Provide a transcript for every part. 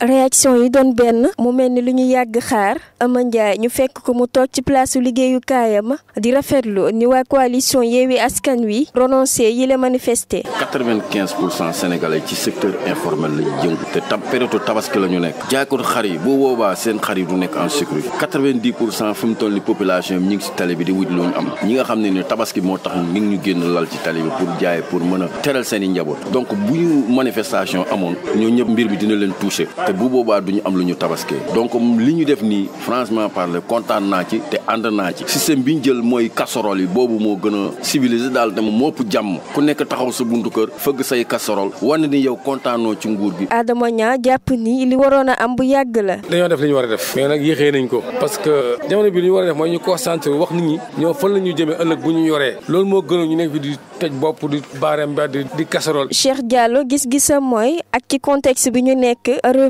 réaction yi doon benn mu mel ni lu ñu yàgg xaar Ama Ndiaye ñu fekk ko mu toog ci place liggéeyukaayam di rafetlu ni waa coalition Yewwi Askan Wi renoncé yi la manifeste quatre-vingt-quinze pour cent sénégalais ci secteur informel lañu yëngu te tam période tabaski la ñu nekk jaaykat xar yi boo boobaa seen xar yi du nekk en sécurité quatre-vingt-dix mu toll ni population yi ñu ngi si tali bi di wut lu ñu am ñi nga xam ne ni tabaski moo tax ñu ngi ñu génn lal ci tali bi pour jaay pour mën a teral seeni njaboot donc bu ñu manifestation amoon ñoo ñëpp mbir bi dina leen touché te bu boobaa du ñu am lu ñu tabaskee donc li ñu def nii franchement parler kontaan naa ci te ànd naa ci système bi jël mooy casserole yi boobu moo gën a civilisé daal te moo ëpp jàmm ku nekk taxaw sa buntu kër fëgg say casserole wane ni yow kontaanoo ci nguur gi. Adama Niang jàpp ni li waroon a am bu yàgg la. dañoo def li ñu war a def. mais nag yéexee nañ ko. parce que jamono li ñu war a def mooy ñu concentré wax nit ñi ñoo fan la ñuy ëllëg bu ñu yoree. loolu moo gënoon ñu nekk fi di tëj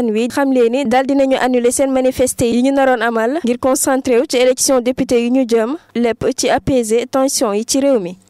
askan wi xam leen ni daal dinañu annuler seen manifeste yi ñu naroon amal ngir concentré wu ci élection député yi ñu jëm lépp ci apaiser tension yi ci réew mi